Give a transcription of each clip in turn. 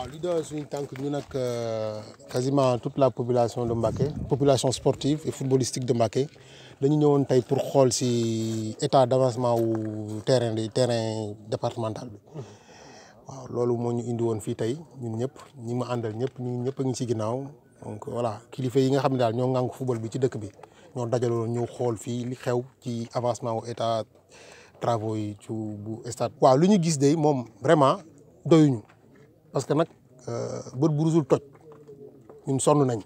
waaw li doon suñu tànk ñu nag quasiment toute la population de Mbacké population sportive et footballistique de Mbacké dañu ñëwoon tey pour xool ci état d'avancement wu terrain de terrain départemental bi waaw loolu moo ñu indi woon fii tey ñun ñëpp ñi ma àndal ñëpp ñu ñëpp a ngi ci ginnaaw donc voilà kilifa yi nga xam ne daal ñoo ngànk football bi ci dëkk bi ñoo dajaloon ñëw xool fii li xew ci avancement wu état yi ci bu stade waaw lu ñu gis de moom vraiment doyuñu parce que nag euh, bët bu rusul toj ñun sonn nañ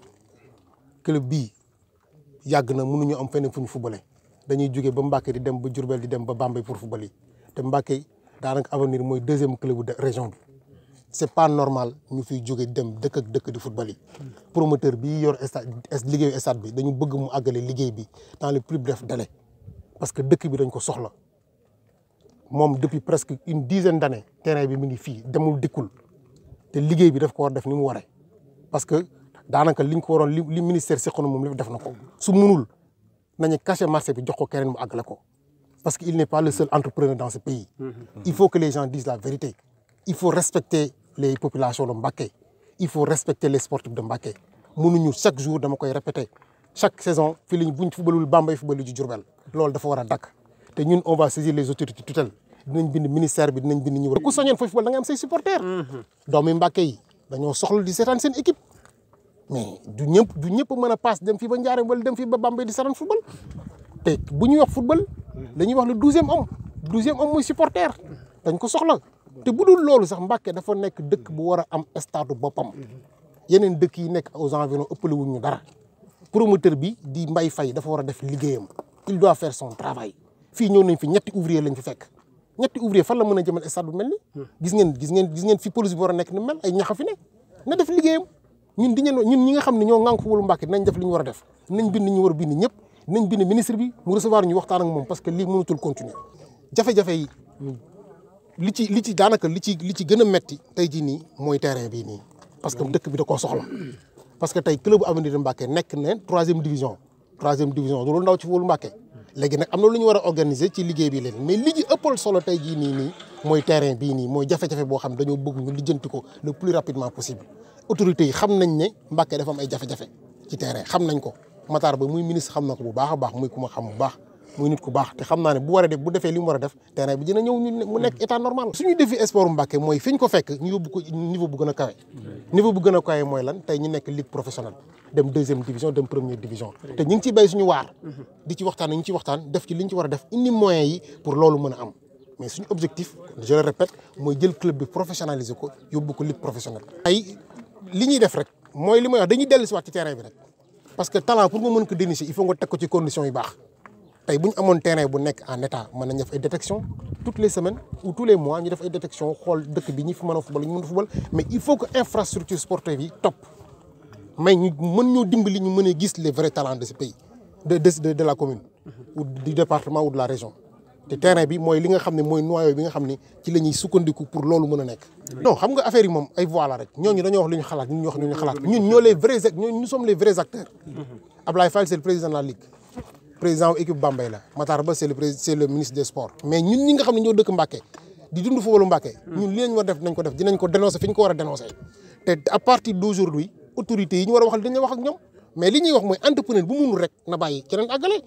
club bii yàgg na mënuñu am feneen fu ñu fubale dañuy jóge ba Mbacké di dem ba Diourbel di dem ba Bambey pour fubal yi te Mbacké daanaka avenir mooy deuxième club de région bi c'est pas normal ñu fiy jóge dem dëkk ak dëkk di football yi promoteur bi yor stade liggéey stade bi dañu bëgg mu àggale liggéey bi dans le plus bref dale parce que dëkk bi dañ ko soxla moom depuis presque une dizaine d'années terrain bi mu ngi fii demul dikkul te liggéey bi daf ko war def ni mu waree parce que daanaka liñ ko waroon li ministère si xonu moom li def na ko su munul nañu caché marché bi jox ko keneen mu àggale ko parce que il n'est pas le seul entrepreneur dans ce pays mm-hmm. il faut que les gens disent la vérité il faut respecter les populations de Mbacké il faut respecter les sportifs de Mbacké mënuñu chaque jour dama koy répéter chaque saison fii lañ buñ fubalul Bambey fubali ju Diourbel loolu a dakk te ñun on va saisir les dinañ bind ministère bi dinañ bind ñëw. ku soñoon foofu football da nga am say supporters. Mhm. doomi Mbàkke dañoo soxla di setaan seen équipe. mais du ñëpp du ñëpp mën a paas dem fii ba Njaareem wala dem fii ba Bambey di seetaan football. te bu ñuy wax football. Mhm. dañuy wax le douzième homme. douzième homme mooy supporter. dañ ko soxla. te bu dul loolu sax Mbàkke dafa nekk dëkk bu war a am stade boppam. Mhm. yeneen dëkk yi nekk aux environs ëppale wuñ ñu dara. promoteur bi di Mbaye fay dafa war a def liggéeyam. il doit faire son travail. fii ñëw nañ fi ñetti ouvrier lañ fi fekk. ñetti ouvrier fan la mën a jëmal stade bu mel ni hmm. gis ngeen gis ngeen gis ngeen fi police bi war a nekk ni mel ay ñaxa fi ne na def liggéeyam ñun diñu ñun ñi nga xam ne ñoo ŋànk Wulu Mbàkke nañ def li ñu war a def nañ bind ñu war a bind ñëpp nañ bind ministre bi mu recevoir ñu waxtaan ak moom parce que lii mënatul continuer jafe-jafe yi hmm. li ci li ci daanaka li ci li ci gën a metti tey jii nii mooy terrain bii nii parce que hmm. dëkk bi da koo soxla parce que tey club Avenir de Mbacké nekk na troisième division troisième division loolu ndaw ci Wulu Mbàkke léegi nag am na lu ñu war a organiser ci liggéey bi leen mais li ñu ëppal solo tey jii nii nii mooy terrain bii nii mooy jafe-jafe boo xam dañoo bëgg ñu lijjanti ko le plus rapidement possible autorités yi xam nañ ne Mbacké dafa ay jafe-jafe ci terrain xam nañ ko Matar Ba muy ministre xam na ko bu baax a baax muy ku ma xam bu baax muy nit ku baax te xam naa ne bu defee li mu war a def terrain bi dina ñëw ñu mu nekk état normal suñu defi sport Mbàkke mooy fi ko fekk ñu yóbbu ko niveau bu gën a niveau bu gën a mooy lan tey ñu nekk ligue professionnelle dem deuxième division dem première division te ñu ngi ciy béy suñu waar di ci waxtaan ñu ci waxtaan def ci li ñu ci war a def indi moyens yi pour loolu mën a am mais suñu objectif je le répète mooy jël club bi ko yóbbu ko ligue professionnelle ay ñuy def rek mooy li may wax dañuy dellu si waat ci terrain bi rek parce ko ci conditions yu baax tey bu ñu amoon terrain bu nekk en état mën nañ def ay détection toutes les semaines ou tous les mois ñu def ay détection xool dëkk bi ñi fi mën a football ñu mën a football mais il faut que infrastructure sportive yi topp mais ñu mën ñoo dimbali ñu mën a gis les vrais talents de ce pays de de la commune ou du département ou de la région te terrain bi mooy li nga xam ne mooy noyau bi nga xam ne ci la ñuy sukkandiku pour loolu mën a nekk. non xam nga affaire yi moom ay voilà rek wax lu ñu xalaat ñun ñu wax lu ñu xalaat ñun ñoo les vrais ñun nous président wu équipe Bambey la Matar Ba c'est le pré c'est ministre des sports mais ñun ñi xam ne ñoo dëkk Mbacké di dund footballu Mbacké ñun li ñu war def dinañ ko def dinañ ko dénoncer fi ñu ko war a dénoncer te à partir d'aujourd'hui autorités yi ñu war a waxal dañuy wax ñoom mais li ñuy wax mooy entrepreneur bu munul rek na bàyyi keneen àggale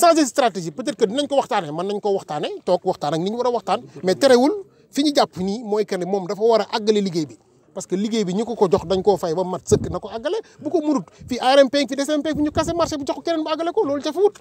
changer stratégie peut-être que dinañ ko waxtaane mën nañ ko waxtaane toog waxtaan ak ni ñu war a waxtaan mais terewul fi ñu jàpp ni mooy que ne moom dafa war a àggale liggéey parce que liggéey bi ñu ko ko jox dañ koo fay ba mat sëkk na ko àggale bu ko murut fi ARMP fi DCMP fi ñu kase marché bi jox ko keneen mu ko loolu jafewut